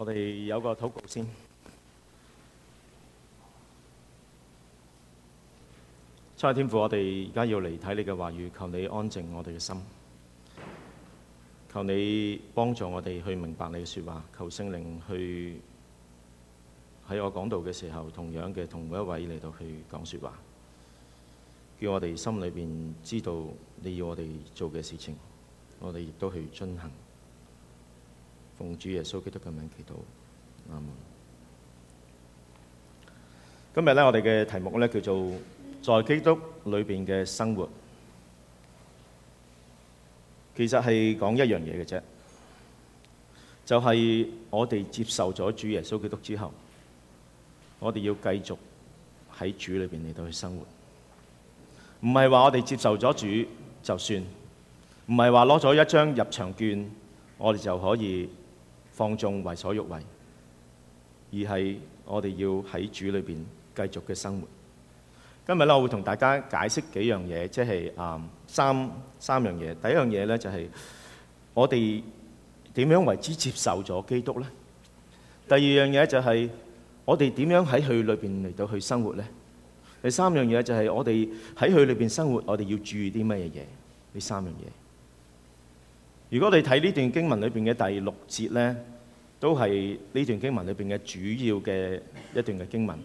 我哋有個禱告先，差天父，我哋而家要嚟睇你嘅話語，求你安靜我哋嘅心，求你幫助我哋去明白你嘅說話，求聖靈去喺我講道嘅時候，同樣嘅同每一位嚟到去講說話，叫我哋心裏邊知道你要我哋做嘅事情，我哋亦都去進行。奉主耶穌基督嘅名祈禱，啱？今日咧，我哋嘅題目咧叫做在基督裏邊嘅生活。其實係講一樣嘢嘅啫，就係我哋接受咗主耶穌基督之後，我哋要繼續喺主裏邊嚟到去生活。唔係話我哋接受咗主就算，唔係話攞咗一張入場券，我哋就可以。放縱為所欲為，而係我哋要喺主裏邊繼續嘅生活。今日咧，我會同大家解釋幾樣嘢，即係誒三三樣嘢。第一樣嘢咧，就係我哋點樣為之接受咗基督咧？第二樣嘢就係我哋點樣喺佢裏邊嚟到去生活咧？第三樣嘢就係我哋喺佢裏邊生活，我哋要注意啲乜嘢嘢？呢三樣嘢。如果你睇呢段經文裏邊嘅第六節呢，都係呢段經文裏邊嘅主要嘅一段嘅經文。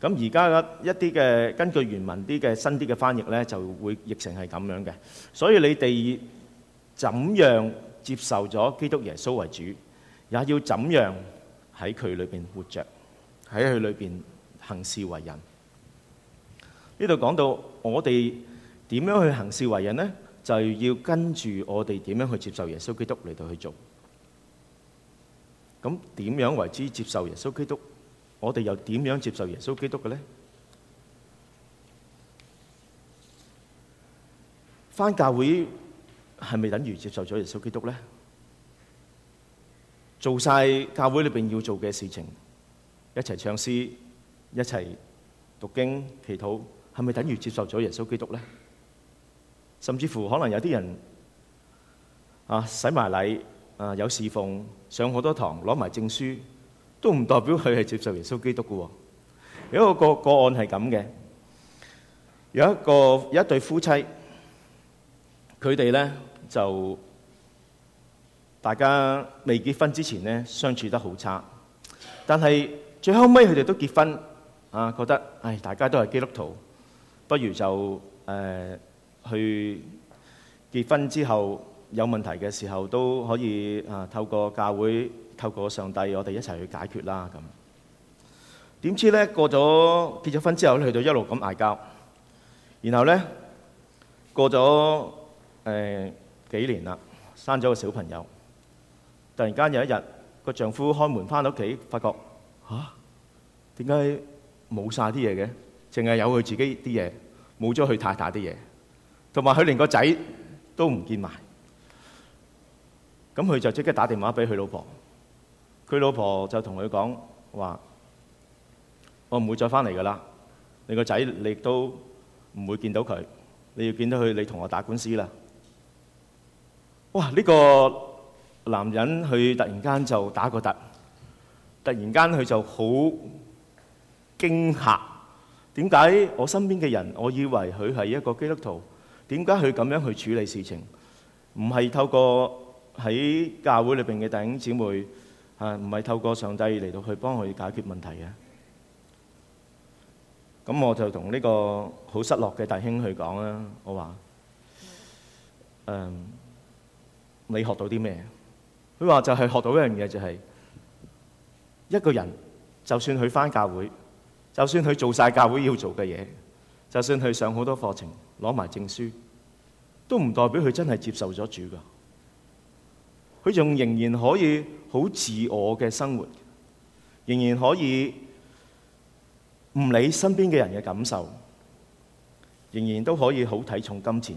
咁而家嘅一啲嘅根據原文啲嘅新啲嘅翻譯呢，就會譯成係咁樣嘅。所以你哋怎樣接受咗基督耶穌為主，也要怎樣喺佢裏邊活著，喺佢裏邊行事為人。呢度講到我哋點樣去行事為人呢？就要跟住我哋點樣去接受耶穌基督嚟到去做。咁點樣為之接受耶穌基督？我哋又點樣接受耶穌基督嘅咧？返教會係咪等於接受咗耶穌基督咧？做晒教會裏邊要做嘅事情，一齊唱詩，一齊讀經、祈禱，係咪等於接受咗耶穌基督咧？甚至乎可能有啲人啊，洗埋禮啊，有侍奉上好多堂，攞埋證書，都唔代表佢係接受耶穌基督嘅。有一個個案係咁嘅，有一個有一對夫妻，佢哋咧就大家未結婚之前咧相處得好差，但係最後尾佢哋都結婚啊，覺得唉、哎，大家都係基督徒，不如就誒。呃去結婚之後有問題嘅時候都可以啊，透過教會、透過上帝，我哋一齊去解決啦。咁點知咧，過咗結咗婚之後咧，佢就一路咁嗌交，然後咧過咗誒、呃、幾年啦，生咗個小朋友。突然間有一日，個丈夫開門返到屋企，發覺吓，點解冇晒啲嘢嘅？淨係有佢自己啲嘢，冇咗佢太太啲嘢。同埋佢連個仔都唔見埋，咁佢就即刻打電話俾佢老婆。佢老婆就同佢講話：我唔會再翻嚟噶啦，你個仔你都唔會見到佢。你要見到佢，你同我打官司啦。哇！呢個男人佢突然間就打個突，突然間佢就好驚嚇。點解我身邊嘅人，我以為佢係一個基督徒？點解佢咁樣去處理事情？唔係透過喺教會裏邊嘅弟兄姊妹誒，唔係透過上帝嚟到去幫佢解決問題嘅。咁我就同呢個好失落嘅大兄去講啦。我話：誒、嗯，你學到啲咩？佢話就係學到一樣嘢，就係一個人就算佢翻教會，就算佢做晒教會要做嘅嘢，就算佢上好多課程。攞埋證書，都唔代表佢真係接受咗主噶。佢仲仍然可以好自我嘅生活，仍然可以唔理身邊嘅人嘅感受，仍然都可以好睇重金錢。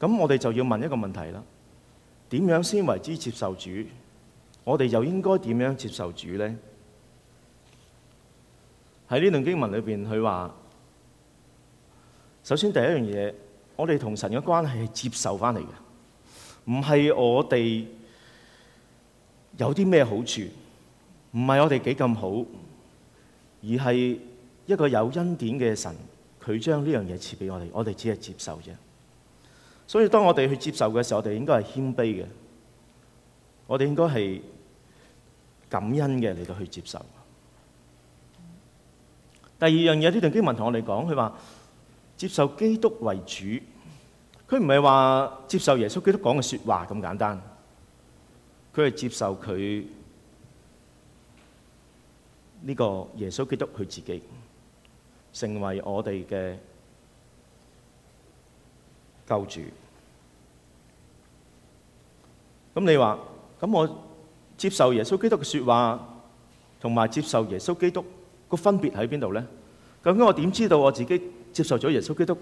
咁我哋就要問一個問題啦：點樣先為之接受主？我哋又應該點樣接受主呢？喺呢段經文裏邊，佢話。首先第一樣嘢，我哋同神嘅關係係接受翻嚟嘅，唔係我哋有啲咩好處，唔係我哋幾咁好，而係一個有恩典嘅神，佢將呢樣嘢賜俾我哋，我哋只係接受啫。所以當我哋去接受嘅時候，我哋應該係謙卑嘅，我哋應該係感恩嘅嚟到去接受。第二樣嘢，呢段經文同我哋講，佢話。接受基督為主，佢唔係話接受耶穌基督講嘅說話咁簡單，佢係接受佢呢個耶穌基督佢自己成為我哋嘅救主。咁你話咁我接受耶穌基督嘅說話，同埋接受耶穌基督個分別喺邊度咧？究竟我點知道我自己？接受咗耶穌基督，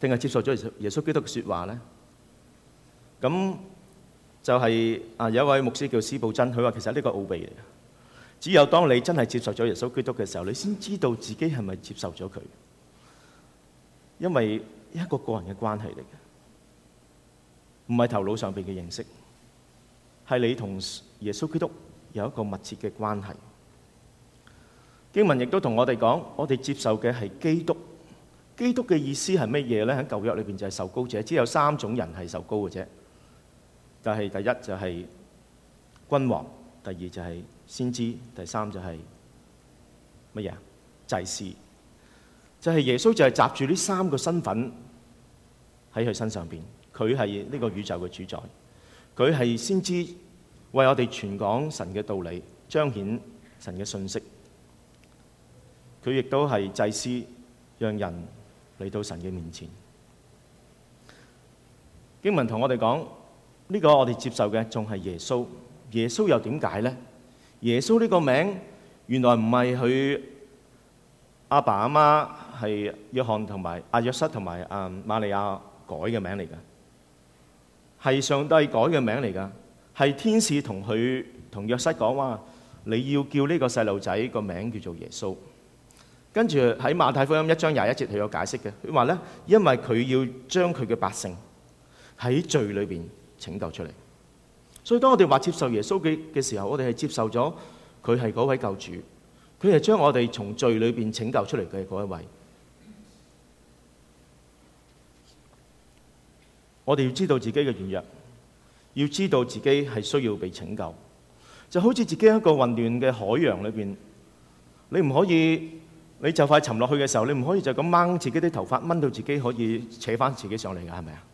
定係接受咗耶穌基督嘅說話咧？咁就係啊，有一位牧師叫司布真，佢話其實呢個奧秘嚟嘅。只有當你真係接受咗耶穌基督嘅時候，你先知道自己係咪接受咗佢，因為一個個人嘅關係嚟嘅，唔係頭腦上邊嘅認識，係你同耶穌基督有一個密切嘅關係。經文亦都同我哋講，我哋接受嘅係基督。基督嘅意思係乜嘢咧？喺舊約裏面就係受膏者，只有三種人係受膏嘅啫。第一就係君王，第二就係先知，第三就係乜嘢？祭司就係耶穌，就係集住呢三個身份喺佢身上邊。佢係呢個宇宙嘅主宰，佢係先知，為我哋傳講神嘅道理，彰顯神嘅信息。佢亦都係祭司，讓人。嚟到神嘅面前，經文同我哋講，呢個我哋接受嘅仲係耶穌。耶穌又點解咧？耶穌呢個名原來唔係佢阿爸阿媽係約翰同埋阿約瑟同埋阿瑪利亞改嘅名嚟噶係上帝改嘅名嚟噶係天使同佢同約瑟講話，你要叫呢個細路仔個名叫做耶穌。跟住喺《馬太福音》一章廿一節，佢有解釋嘅。佢話咧，因為佢要將佢嘅百姓喺罪裏邊拯救出嚟。所以當我哋話接受耶穌嘅嘅時候，我哋係接受咗佢係嗰位救主。佢係將我哋從罪裏邊拯救出嚟嘅嗰一位。 我哋要知道自己嘅軟弱，要知道自己係需要被拯救。就好似自己喺一個混亂嘅海洋裏邊，你唔可以。你就快沉落去嘅時候，你唔可以就咁掹自己啲頭髮，掹到自己可以扯翻自己上嚟噶，係咪啊？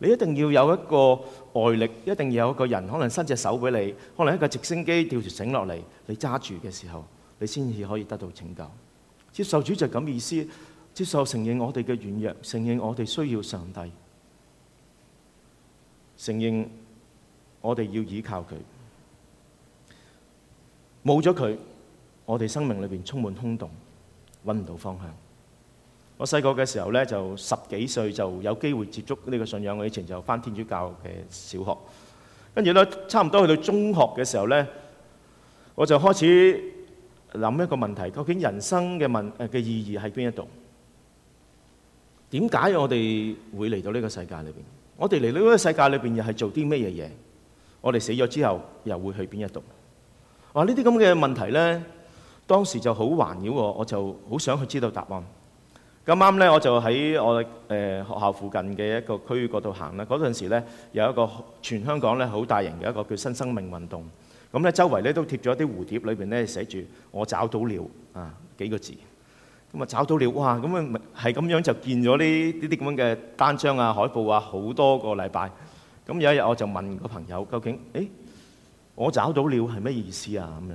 你一定要有一個外力，一定要有一個人，可能伸隻手俾你，可能一個直升機吊住繩落嚟，你揸住嘅時候，你先至可以得到拯救。接受主就咁意思，接受承認我哋嘅軟弱，承認我哋需要上帝，承認我哋要依靠佢。冇咗佢，我哋生命裏面充滿空洞。搵唔到方向。我細個嘅時候咧，就十幾歲就有機會接觸呢個信仰。我以前就返天主教嘅小學，跟住咧，差唔多去到中學嘅時候咧，我就開始諗一個問題：究竟人生嘅問嘅意義喺邊一度？點解我哋會嚟到呢個世界裏邊？我哋嚟到呢個世界裏邊又係做啲咩嘢嘢？我哋死咗之後又會去邊一度？哇！呢啲咁嘅問題咧～當時就好煩擾我，我就好想去知道答案。咁啱咧，我就喺我誒學校附近嘅一個區嗰度行啦。嗰陣時咧，有一個全香港咧好大型嘅一個叫新生命運動。咁咧，周圍咧都貼咗啲蝴蝶，裏邊咧寫住我找到了啊幾個字。咁啊找到了哇！咁啊係咁樣就見咗呢呢啲咁樣嘅單張啊、海報啊好多個禮拜。咁有一日我就問個朋友，究竟誒我找到了係咩意思啊？咁樣。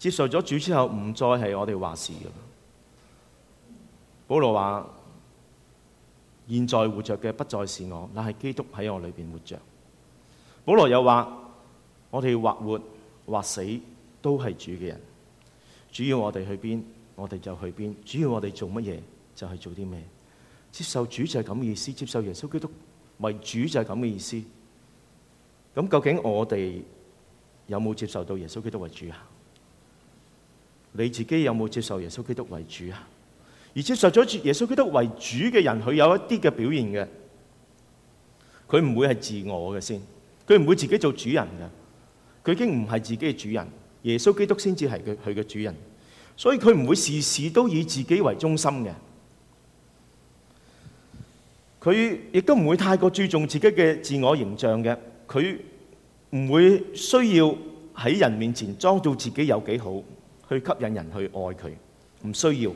接受咗主之後，唔再係我哋話事噶啦。保羅話：現在活着嘅不再是我，那係基督喺我裏邊活着。保羅又話：我哋或活或死都係主嘅人。主要我哋去邊，我哋就去邊；主要我哋做乜嘢，就係、是、做啲咩。接受主就係咁嘅意思，接受耶穌基督為主就係咁嘅意思。咁究竟我哋有冇接受到耶穌基督為主啊？你自己有冇接受耶穌基督為主啊？而接受咗耶穌基督為主嘅人，佢有一啲嘅表現嘅，佢唔會係自我嘅先，佢唔會自己做主人嘅，佢已經唔係自己嘅主人，耶穌基督先至係佢佢嘅主人，所以佢唔會事事都以自己為中心嘅。佢亦都唔會太過注重自己嘅自我形象嘅，佢唔會需要喺人面前裝造自己有幾好。去吸引人去愛佢，唔需要，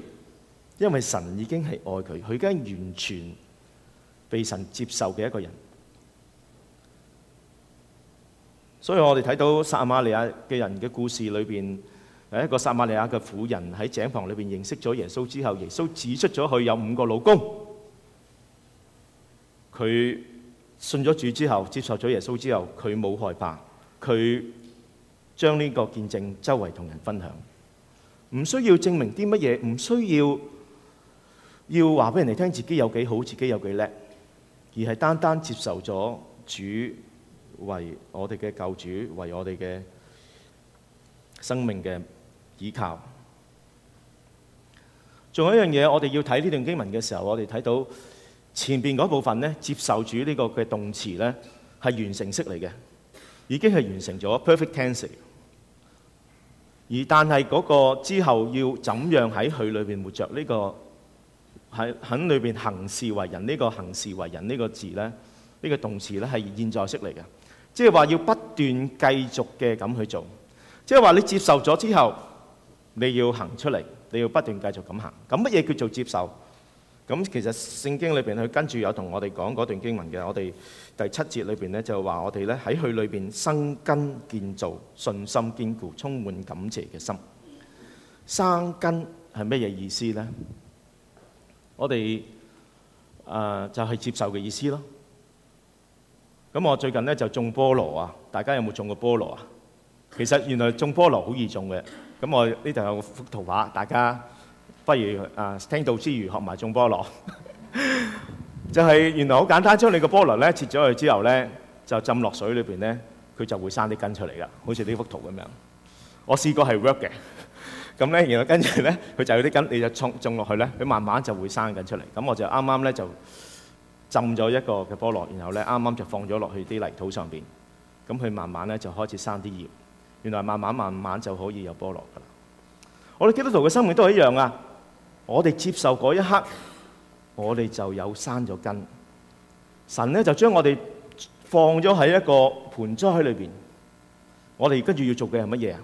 因為神已經係愛佢，佢已經完全被神接受嘅一個人。所以我哋睇到撒瑪利亞嘅人嘅故事裏邊，誒，一個撒瑪利亞嘅婦人喺井旁裏邊認識咗耶穌之後，耶穌指出咗佢有五個老公，佢信咗主之後，接受咗耶穌之後，佢冇害怕，佢將呢個見證周圍同人分享。唔需要證明啲乜嘢，唔需要要話俾人哋聽自己有幾好，自己有幾叻，而係單單接受咗主為我哋嘅救主，為我哋嘅生命嘅依靠。仲有一樣嘢，我哋要睇呢段經文嘅時候，我哋睇到前面嗰部分咧，接受主呢個嘅動詞咧係完成式嚟嘅，已經係完成咗 perfect tense。而但係嗰個之後要怎樣喺佢裏面活着，呢個喺喺裏面行事為人，呢個行事為人呢個字呢，呢個動詞呢係現在式嚟嘅，即係話要不斷繼續嘅咁去做，即係話你接受咗之後，你要行出嚟，你要不斷繼續咁行。咁乜嘢叫做接受？咁其實聖經裏邊佢跟住有同我哋講嗰段經文嘅，我哋第七節裏邊咧就話我哋咧喺佢裏邊生根建造，信心堅固，充滿感謝嘅心。生根係咩嘢意思咧？我哋誒、呃、就係、是、接受嘅意思咯。咁我最近咧就種菠蘿啊，大家有冇種過菠蘿啊？其實原來種菠蘿好易種嘅，咁我呢度有幅圖畫，大家。不如啊，聽道之餘學埋種菠蘿， 就係原來好簡單。將你個菠蘿咧切咗佢之後咧，就浸落水裏面咧，佢就會生啲根出嚟㗎，好似呢幅圖咁樣，我試過係 work 嘅。咁 咧，然後跟住咧，佢就有啲根，你就種落去咧，佢慢慢就會生緊出嚟。咁我就啱啱咧就浸咗一個嘅菠蘿，然後咧啱啱就放咗落去啲泥土上面，咁佢慢慢咧就開始生啲葉。原來慢慢慢慢就可以有菠蘿噶啦。我哋基督徒嘅生活都係一樣啊！我哋接受嗰一刻，我哋就有生咗根。神咧就將我哋放咗喺一個盆栽裏邊。我哋跟住要做嘅係乜嘢？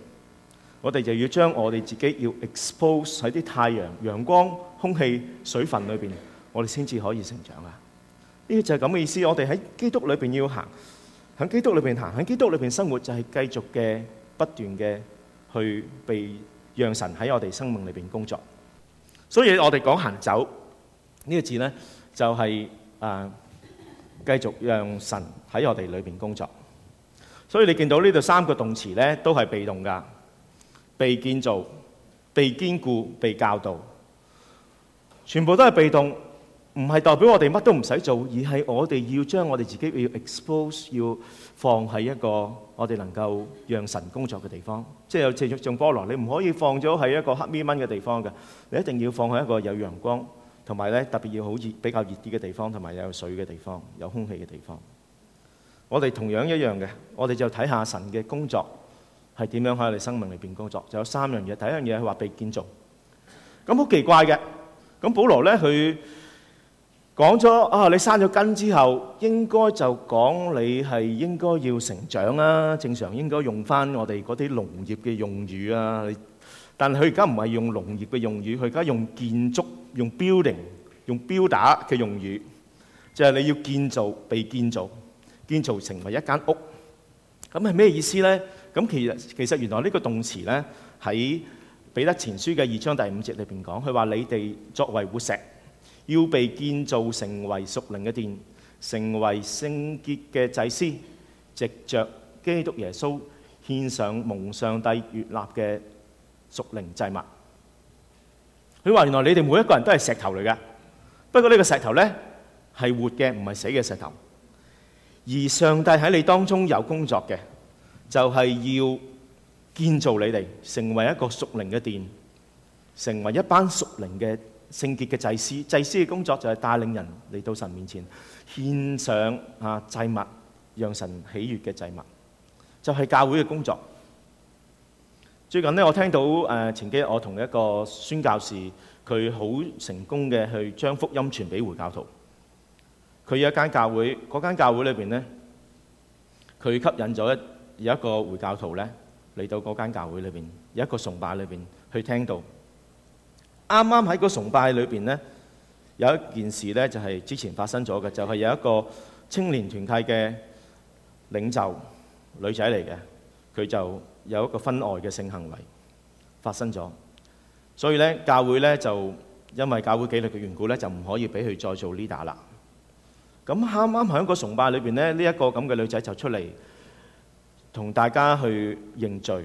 我哋就要將我哋自己要 expose 喺啲太陽、陽光、空氣、水分裏邊，我哋先至可以成長啊！呢個就係咁嘅意思。我哋喺基督裏邊要行，喺基督裏邊行，喺基督裏邊生活，就係繼續嘅、不斷嘅去被讓神喺我哋生命裏邊工作。所以我哋講行走呢個字呢，就係呃繼續讓神喺我哋裏面工作。所以你見到呢度三個動詞呢，都係被動㗎，被建造、被堅固、被教導，全部都係被動。唔係代表我哋乜都唔使做，而係我哋要將我哋自己要 expose，要放喺一個我哋能夠讓神工作嘅地方。即係又正如種菠蘿，你唔可以放咗喺一個黑咪蚊嘅地方嘅，你一定要放喺一個有陽光同埋咧，特別要好熱、比較熱啲嘅地方，同埋有水嘅地方、有空氣嘅地方。我哋同樣一樣嘅，我哋就睇下神嘅工作係點樣喺我哋生命裏邊工作。就有三樣嘢，第一樣嘢係話被建造。咁好奇怪嘅，咁保羅咧佢。講咗啊！你生咗根之後，應該就講你係應該要成長啦。正常應該用翻我哋嗰啲農業嘅用語啊。但係佢而家唔係用農業嘅用語，佢而家用建築、用 building、用標打嘅用語，就係你要建造、被建造、建造成為一間屋。咁係咩意思呢？咁其實其實原來呢個動詞呢喺彼得前書嘅二章第五節裏邊講，佢話你哋作為活石。要被建造成為屬靈嘅殿，成為聖潔嘅祭司，藉着基督耶穌獻上蒙上帝悦納嘅屬靈祭物。佢話：原來你哋每一個人都係石頭嚟㗎，不過呢個石頭呢係活嘅，唔係死嘅石頭。而上帝喺你當中有工作嘅，就係要建造你哋成為一個屬靈嘅殿，成為一班屬靈嘅。聖潔嘅祭司，祭司嘅工作就係帶領人嚟到神面前，獻上啊祭物，讓神喜悅嘅祭物，就係教會嘅工作。最近咧，我聽到誒，前幾日我同一個宣教士，佢好成功嘅去將福音傳俾回教徒。佢有一間教會，嗰間教會裏邊咧，佢吸引咗一有一個回教徒咧嚟到嗰間教會裏邊，有一個崇拜裏邊去聽到。啱啱喺個崇拜裏邊呢，有一件事呢就係之前發生咗嘅，就係有一個青年團契嘅領袖女仔嚟嘅，佢就有一個婚外嘅性行為發生咗，所以呢教會呢就因為教會紀律嘅緣故呢，就唔可以俾佢再做 leader 啦。咁啱啱喺個崇拜裏邊呢，呢一個咁嘅女仔就出嚟同大家去認罪，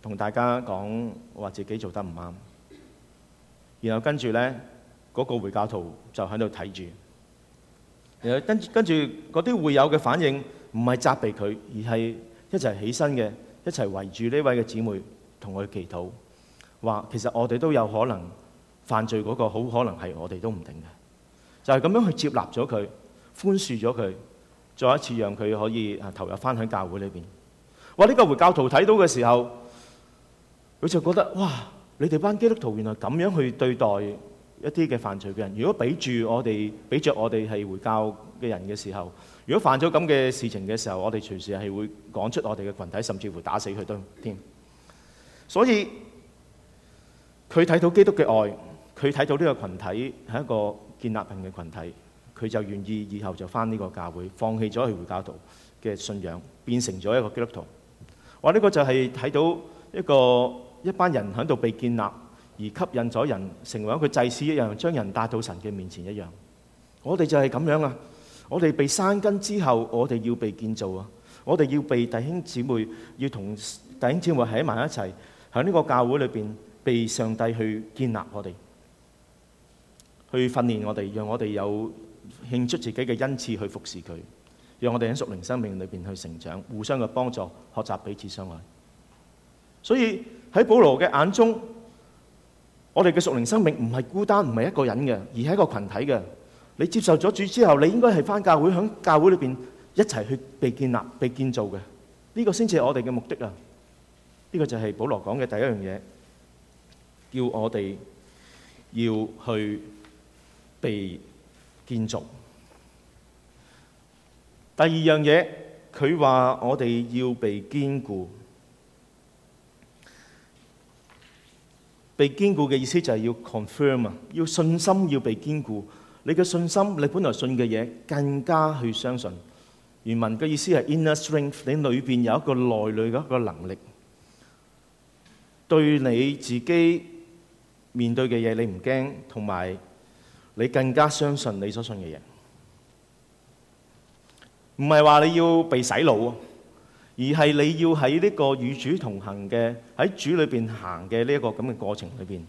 同大家講話自己做得唔啱。然後跟住咧，嗰個回教徒就喺度睇住，然後跟跟住嗰啲會友嘅反應，唔係責備佢，而係一齊起身嘅，一齊圍住呢位嘅姊妹，同佢祈禱，話其實我哋都有可能犯罪，嗰個好可能係我哋都唔定嘅，就係咁樣去接納咗佢，寬恕咗佢，再一次讓佢可以啊投入翻喺教會裏邊。話，呢個回教徒睇到嘅時候，佢就覺得哇～你哋班基督徒原來咁樣去對待一啲嘅犯罪嘅人，如果俾住我哋俾著我哋係回教嘅人嘅時候，如果犯咗咁嘅事情嘅時候，我哋隨時係會講出我哋嘅群體，甚至乎打死佢都添。所以佢睇到基督嘅愛，佢睇到呢個群體係一個建立性嘅群體，佢就願意以後就返呢個教會，放棄咗去回教徒嘅信仰，變成咗一個基督徒。我呢個就係睇到一個。一班人喺度被建立而吸引咗人，成為佢祭司一樣，將人帶到神嘅面前一樣。我哋就係咁樣啊！我哋被生根之後，我哋要被建造啊！我哋要被弟兄姊妹，要同弟兄姊妹喺埋一齊，喺呢個教會裏邊被上帝去建立我哋，去訓練我哋，讓我哋有獻出自己嘅恩賜去服侍佢，讓我哋喺屬靈生命裏邊去成長，互相嘅幫助，學習彼此相愛。所以。喺保羅嘅眼中，我哋嘅屬靈生命唔係孤單，唔係一個人嘅，而係一個群體嘅。你接受咗主之後，你應該係返教會，響教會裏面一齊去被建立、被建造嘅。呢、這個先至係我哋嘅目的啊！呢、這個就係保羅講嘅第一樣嘢，叫我哋要去被建造。第二樣嘢，佢話我哋要被堅固。被堅固嘅意思就係要 confirm 啊，要信心要被堅固。你嘅信心，你本來信嘅嘢更加去相信。原文嘅意思係 inner strength，你裏面有一個內裡嘅一個能力，對你自己面對嘅嘢你唔驚，同埋你更加相信你所信嘅嘢。唔係話你要被洗腦啊！而係你要喺呢個與主同行嘅喺主裏面行嘅呢一個咁嘅過程裏面，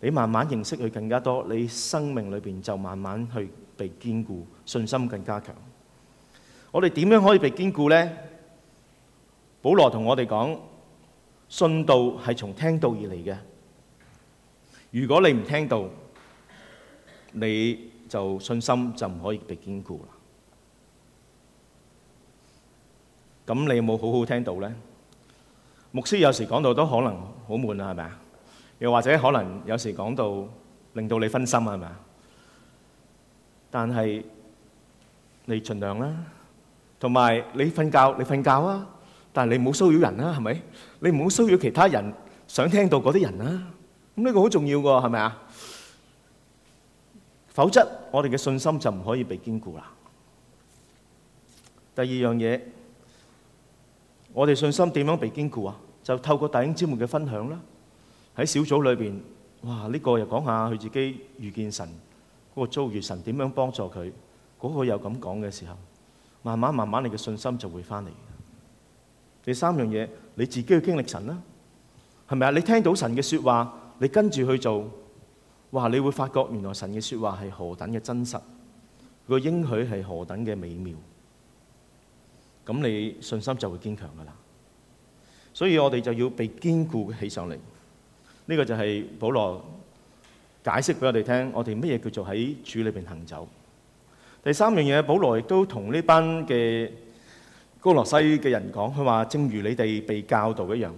你慢慢認識佢更加多，你生命裏面就慢慢去被堅固，信心更加強。我哋點樣可以被堅固呢？保羅同我哋講，信道係從聽道而嚟嘅。如果你唔聽道，你就信心就唔可以被堅固。咁你有冇好好聽到咧？牧師有時講到都可能好悶啊，係咪啊？又或者可能有時講到令到你分心啊，係咪啊？但係你盡量啦，同埋你瞓覺你瞓覺啊，但係你唔好騷擾人啦，係咪？你唔好騷擾其他人想聽到嗰啲人啊，咁呢個好重要㗎，係咪啊？否則我哋嘅信心就唔可以被堅固啦。第二樣嘢。我哋信心點樣被堅固啊？就透過弟兄姊妹嘅分享啦，喺小組裏邊，哇！呢、這個又講下佢自己遇見神嗰、那個遭遇神，神點樣幫助佢，嗰、那個又咁講嘅時候，慢慢慢慢你嘅信心就會翻嚟。第三樣嘢，你自己去經歷神啦，係咪啊？你聽到神嘅說話，你跟住去做，哇！你會發覺原來神嘅說話係何等嘅真實，佢個應許係何等嘅美妙。咁你信心就會堅強噶啦，所以我哋就要被堅固起上嚟。呢個就係保羅解釋俾我哋聽，我哋乜嘢叫做喺主裏邊行走。第三樣嘢，保羅亦都同呢班嘅哥羅西嘅人講，佢話正如你哋被教導一樣，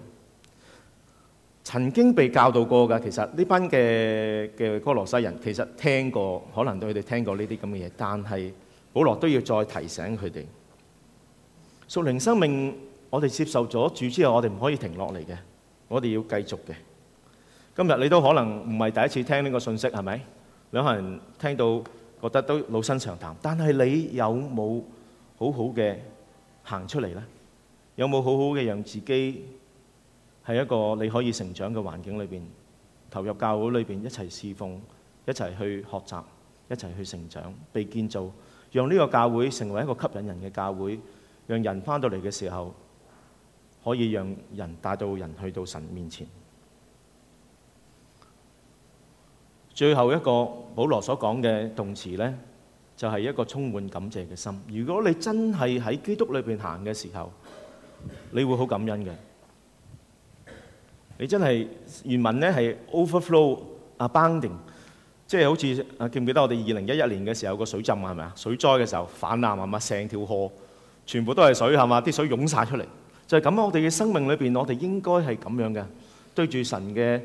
曾經被教導過噶。其實呢班嘅嘅哥羅西人其實聽過，可能對佢哋聽過呢啲咁嘅嘢，但係保羅都要再提醒佢哋。屬靈生命，我哋接受咗主之後，我哋唔可以停落嚟嘅。我哋要繼續嘅。今日你都可能唔係第一次聽呢個訊息，係咪？兩個人聽到覺得都老生常談，但係你有冇好好嘅行出嚟呢？有冇好好嘅讓自己喺一個你可以成長嘅環境裏面投入教會裏面，一齊侍奉，一齊去學習，一齊去成長，被建造，讓呢個教會成為一個吸引人嘅教會。讓人翻到嚟嘅時候，可以讓人帶到人去到神面前。最後一個保羅所講嘅動詞呢，就係一個充滿感謝嘅心。如果你真係喺基督裏面行嘅時候，你會好感恩嘅。你真係原文呢係 overflow abounding，即係好似記唔記得我哋二零一一年嘅時候個水浸係咪啊？水災嘅時候，泛濫係咪成條河？全部都係水，係嘛？啲水湧晒出嚟，就係咁。我哋嘅生命裏邊，我哋應該係咁樣嘅。對住神嘅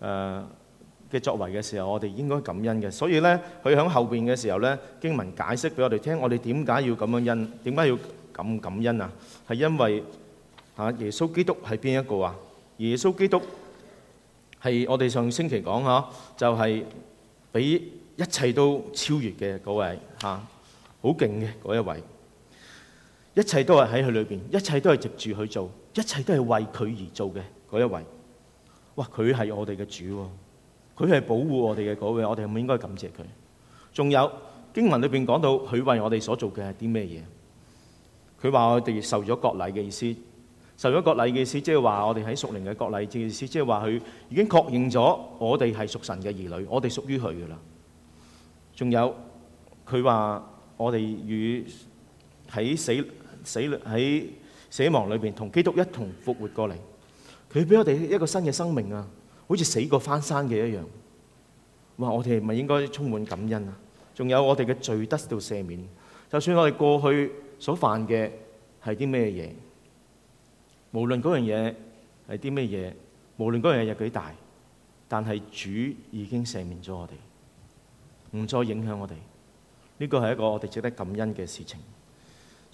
誒嘅作為嘅時候，我哋應該感恩嘅。所以咧，佢喺後邊嘅時候咧，經文解釋俾我哋聽，我哋點解要咁樣恩？點解要咁感恩啊？係因為吓耶穌基督係邊一個啊？耶穌基督係我哋上星期講吓，就係比一切都超越嘅嗰位吓，好勁嘅嗰一位。一切都係喺佢裏邊，一切都係藉住佢做，一切都係為佢而做嘅嗰一位。哇！佢係我哋嘅主，佢係保護我哋嘅嗰位，我哋係咪應該感謝佢？仲有經文裏邊講到佢為我哋所做嘅係啲咩嘢？佢話我哋受咗割禮嘅意思，受咗割禮嘅意思，即係話我哋喺屬靈嘅割禮嘅意思，即係話佢已經確認咗我哋係屬神嘅兒女，我哋屬於佢噶啦。仲有佢話我哋與喺死。死喺死亡裏邊，同基督一同復活過嚟，佢俾我哋一個新嘅生命啊！好似死過翻生嘅一樣。哇！我哋係咪應該充滿感恩啊？仲有，我哋嘅罪得到赦免，就算我哋過去所犯嘅係啲咩嘢，無論嗰樣嘢係啲咩嘢，無論嗰樣嘢有幾大，但係主已經赦免咗我哋，唔再影響我哋。呢個係一個我哋值得感恩嘅事情。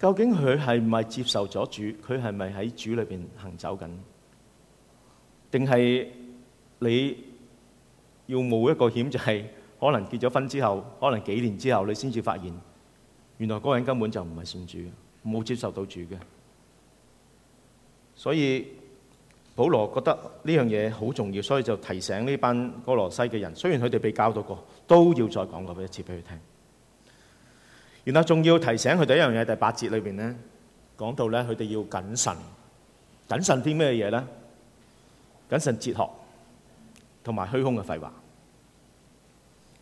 究竟佢係唔係接受咗主？佢係咪喺主裏邊行走緊？定係你要冒一個險，就係、是、可能結咗婚之後，可能幾年之後，你先至發現，原來嗰人根本就唔係信主，冇接受到主嘅。所以保羅覺得呢樣嘢好重要，所以就提醒呢班哥羅西嘅人，雖然佢哋被教到過，都要再講過一次俾佢聽。然後仲要提醒佢第一樣嘢，第八節裏面咧講到咧，佢哋要謹慎謹慎啲咩嘢咧？謹慎哲學同埋虛空嘅廢話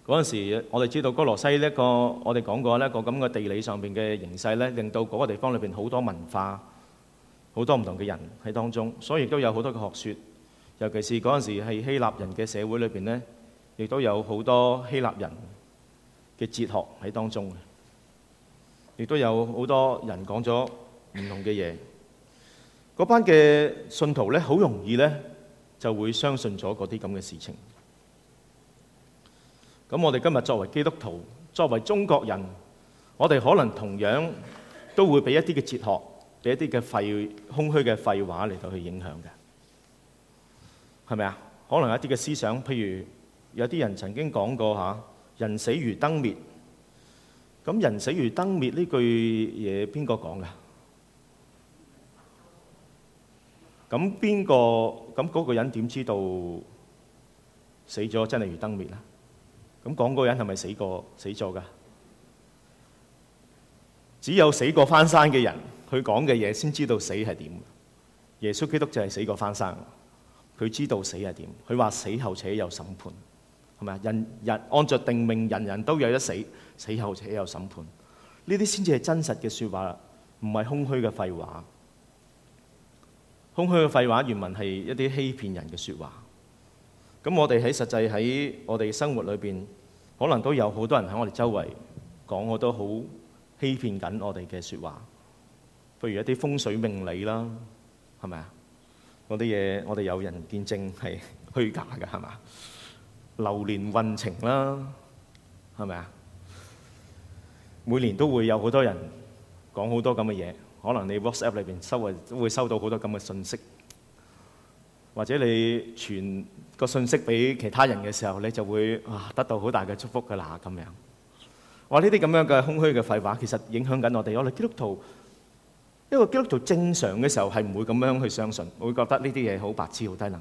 嗰陣時，我哋知道哥羅西呢、這、一個我哋講過呢個咁嘅地理上面嘅形勢，咧，令到嗰個地方裏面好多文化，好多唔同嘅人喺當中，所以亦都有好多嘅學說，尤其是嗰陣時喺希臘人嘅社會裏面咧，亦都有好多希臘人嘅哲學喺當中。亦都有好多人講咗唔同嘅嘢，嗰班嘅信徒咧，好容易咧就會相信咗嗰啲咁嘅事情。咁我哋今日作為基督徒，作為中國人，我哋可能同樣都會俾一啲嘅哲學，俾一啲嘅廢空虛嘅廢話嚟到去影響嘅，係咪啊？可能一啲嘅思想，譬如有啲人曾經講過吓，人死如燈滅。咁人死如燈滅呢句嘢邊個講噶？咁邊個咁嗰個人點知道死咗真係如燈滅啦？咁講嗰人係咪死過死咗噶？只有死過翻生嘅人，佢講嘅嘢先知道死係點。耶穌基督就係死過翻生，佢知道死係點。佢話死後且有審判。係咪啊？人人按着定命，人人都有一死，死後且有審判。呢啲先至係真實嘅說話，唔係空虛嘅廢話。空虛嘅廢話，原文係一啲欺騙人嘅說話。咁我哋喺實際喺我哋生活裏邊，可能都有好多人喺我哋周圍講我都好欺騙緊我哋嘅說話。譬如一啲風水命理啦，係咪啊？嗰啲嘢我哋有人見證係虛假嘅，係嘛？流年運程啦，係咪啊？每年都會有好多人講好多咁嘅嘢，可能你 WhatsApp 裏邊收會收到好多咁嘅信息，或者你傳個信息俾其他人嘅時候，你就會哇得到好大嘅祝福噶啦咁樣。話呢啲咁樣嘅空虛嘅廢話，其實影響緊我哋。我哋基督徒，因為基督徒正常嘅時候係唔會咁樣去相信，會覺得呢啲嘢好白痴、好低能，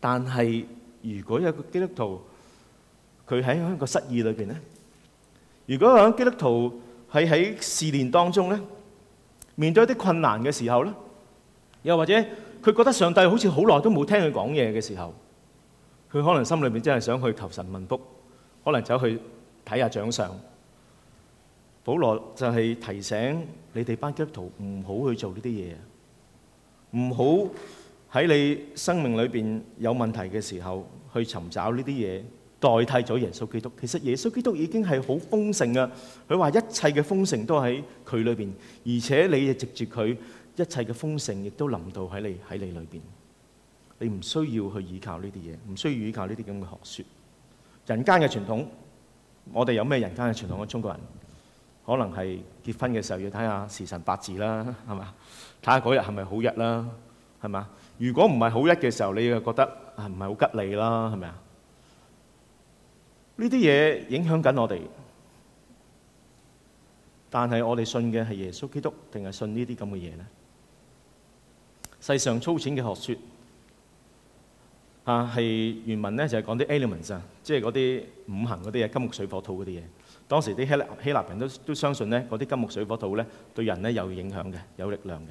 但係。如果有個基督徒佢喺一個失意裏邊咧，如果響基督徒係喺試煉當中咧，面對一啲困難嘅時候咧，又或者佢覺得上帝好似好耐都冇聽佢講嘢嘅時候，佢可能心裏邊真係想去求神問卜，可能走去睇下掌相。保羅就係提醒你哋班基督徒唔好去做呢啲嘢，唔好。喺你生命裏邊有問題嘅時候，去尋找呢啲嘢代替咗耶穌基督。其實耶穌基督已經係好豐盛啊！佢話一切嘅豐盛都喺佢裏邊，而且你藉住佢一切嘅豐盛，亦都臨到喺你喺你裏邊。你唔需要去依靠呢啲嘢，唔需要依靠呢啲咁嘅學說。人間嘅傳統，我哋有咩人間嘅傳統？中國人可能係結婚嘅時候要睇下時辰八字啦，係嘛？睇下嗰日係咪好日啦，係嘛？如果唔係好一嘅時候，你就覺得係唔係好吉利啦？係咪啊？呢啲嘢影響緊我哋，但係我哋信嘅係耶穌基督，定係信這些東西呢啲咁嘅嘢咧？世上粗淺嘅學説啊，係原文咧就係講啲 elements 啊，即係嗰啲五行嗰啲嘢，金木水火土嗰啲嘢。當時啲希希臘人都都相信咧，嗰啲金木水火土咧對人咧有影響嘅，有力量嘅。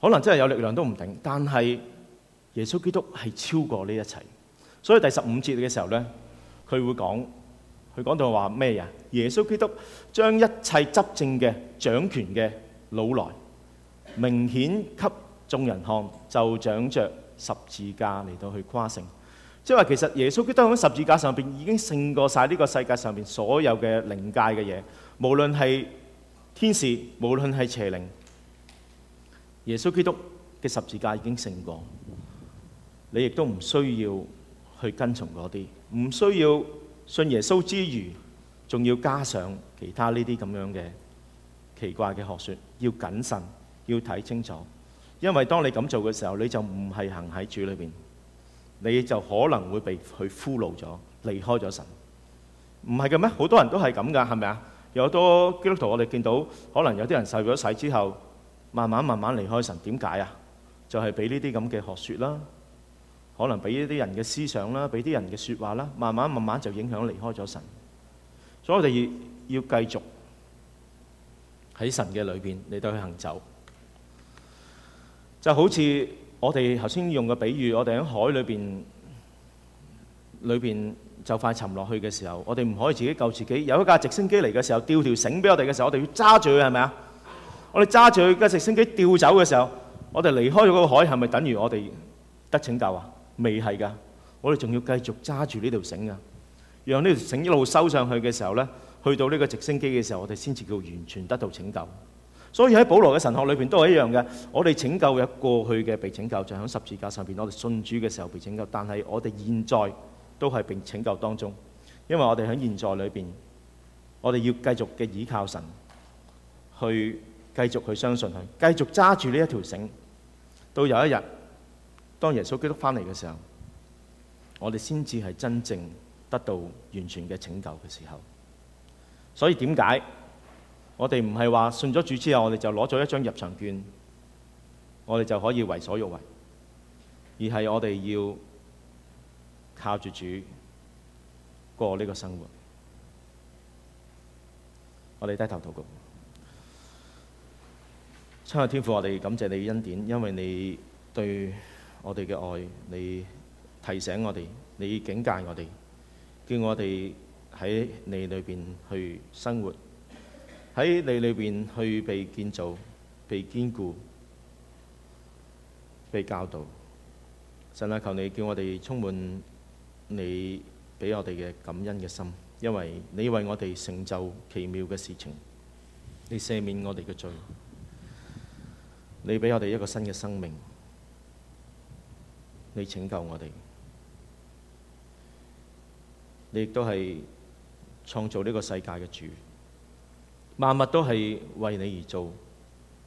可能真係有力量都唔定，但係耶穌基督係超過呢一切。所以第十五節嘅時候咧，佢會講，佢講到話咩啊？耶穌基督將一切執政嘅掌權嘅擄來，明顯給眾人看，就仗著十字架嚟到去誇勝。即係話其實耶穌基督喺十字架上邊已經勝過曬呢個世界上邊所有嘅靈界嘅嘢，無論係天使，無論係邪靈。耶穌基督嘅十字架已經勝過，你亦都唔需要去跟從嗰啲，唔需要信耶穌之餘，仲要加上其他呢啲咁樣嘅奇怪嘅學說，要謹慎，要睇清楚，因為當你咁做嘅時候，你就唔係行喺主裏邊，你就可能會被佢俘虜咗，離開咗神，唔係嘅咩？好多人都係咁噶，係咪啊？有好多基督徒我，我哋見到可能有啲人受咗洗之後。慢慢慢慢離開神，點解啊？就係俾呢啲咁嘅學説啦，可能俾呢啲人嘅思想啦，俾啲人嘅説話啦，慢慢慢慢就影響離開咗神。所以我哋要要繼續喺神嘅裏邊嚟到去行走，就好似我哋頭先用嘅比喻，我哋喺海裏邊裏邊就快沉落去嘅時候，我哋唔可以自己救自己。有一架直升機嚟嘅時候，吊條繩俾我哋嘅時候，我哋要揸住佢，係咪啊？我哋揸住佢嘅，直升機吊走嘅時候，我哋離開咗個海，係咪等於我哋得拯救啊？未係噶，我哋仲要繼續揸住呢條繩噶，讓呢條繩一路收上去嘅時候咧，去到呢個直升機嘅時候，我哋先至叫完全得到拯救。所以喺保羅嘅神學裏邊都係一樣嘅，我哋拯救嘅過去嘅被拯救就喺十字架上邊，我哋信主嘅時候被拯救，但係我哋現在都係被拯救當中，因為我哋喺現在裏邊，我哋要繼續嘅倚靠神去。繼續去相信佢，繼續揸住呢一條繩，到有一日，當耶穌基督翻嚟嘅時候，我哋先至係真正得到完全嘅拯救嘅時候。所以點解？我哋唔係話信咗主之後，我哋就攞咗一張入場券，我哋就可以為所欲為，而係我哋要靠住主過呢個生活，我哋低頭禱告。親愛嘅天父我，我哋感謝你恩典，因為你對我哋嘅愛，你提醒我哋，你警戒我哋,叫我哋喺你裏邊去生活，喺你裏邊去被建造、被堅固、被教導，神啊，求你叫我哋充滿你俾我哋嘅感恩嘅心，因為你為我哋成就奇妙嘅事情，你赦免我哋嘅罪。你俾我哋一個新嘅生命，你拯救我哋，你亦都係創造呢個世界嘅主，萬物都係為你而做，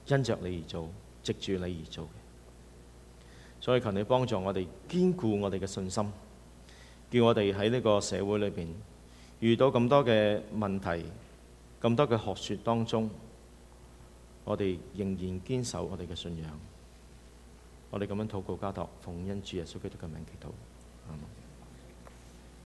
因着你而做，藉住你而做的。所以求你幫助我哋堅固我哋嘅信心，叫我哋喺呢個社會裏邊遇到咁多嘅問題，咁多嘅學說當中。我哋仍然堅守我哋嘅信仰，我哋咁樣禱告交託，奉恩主耶穌基督嘅名祈禱。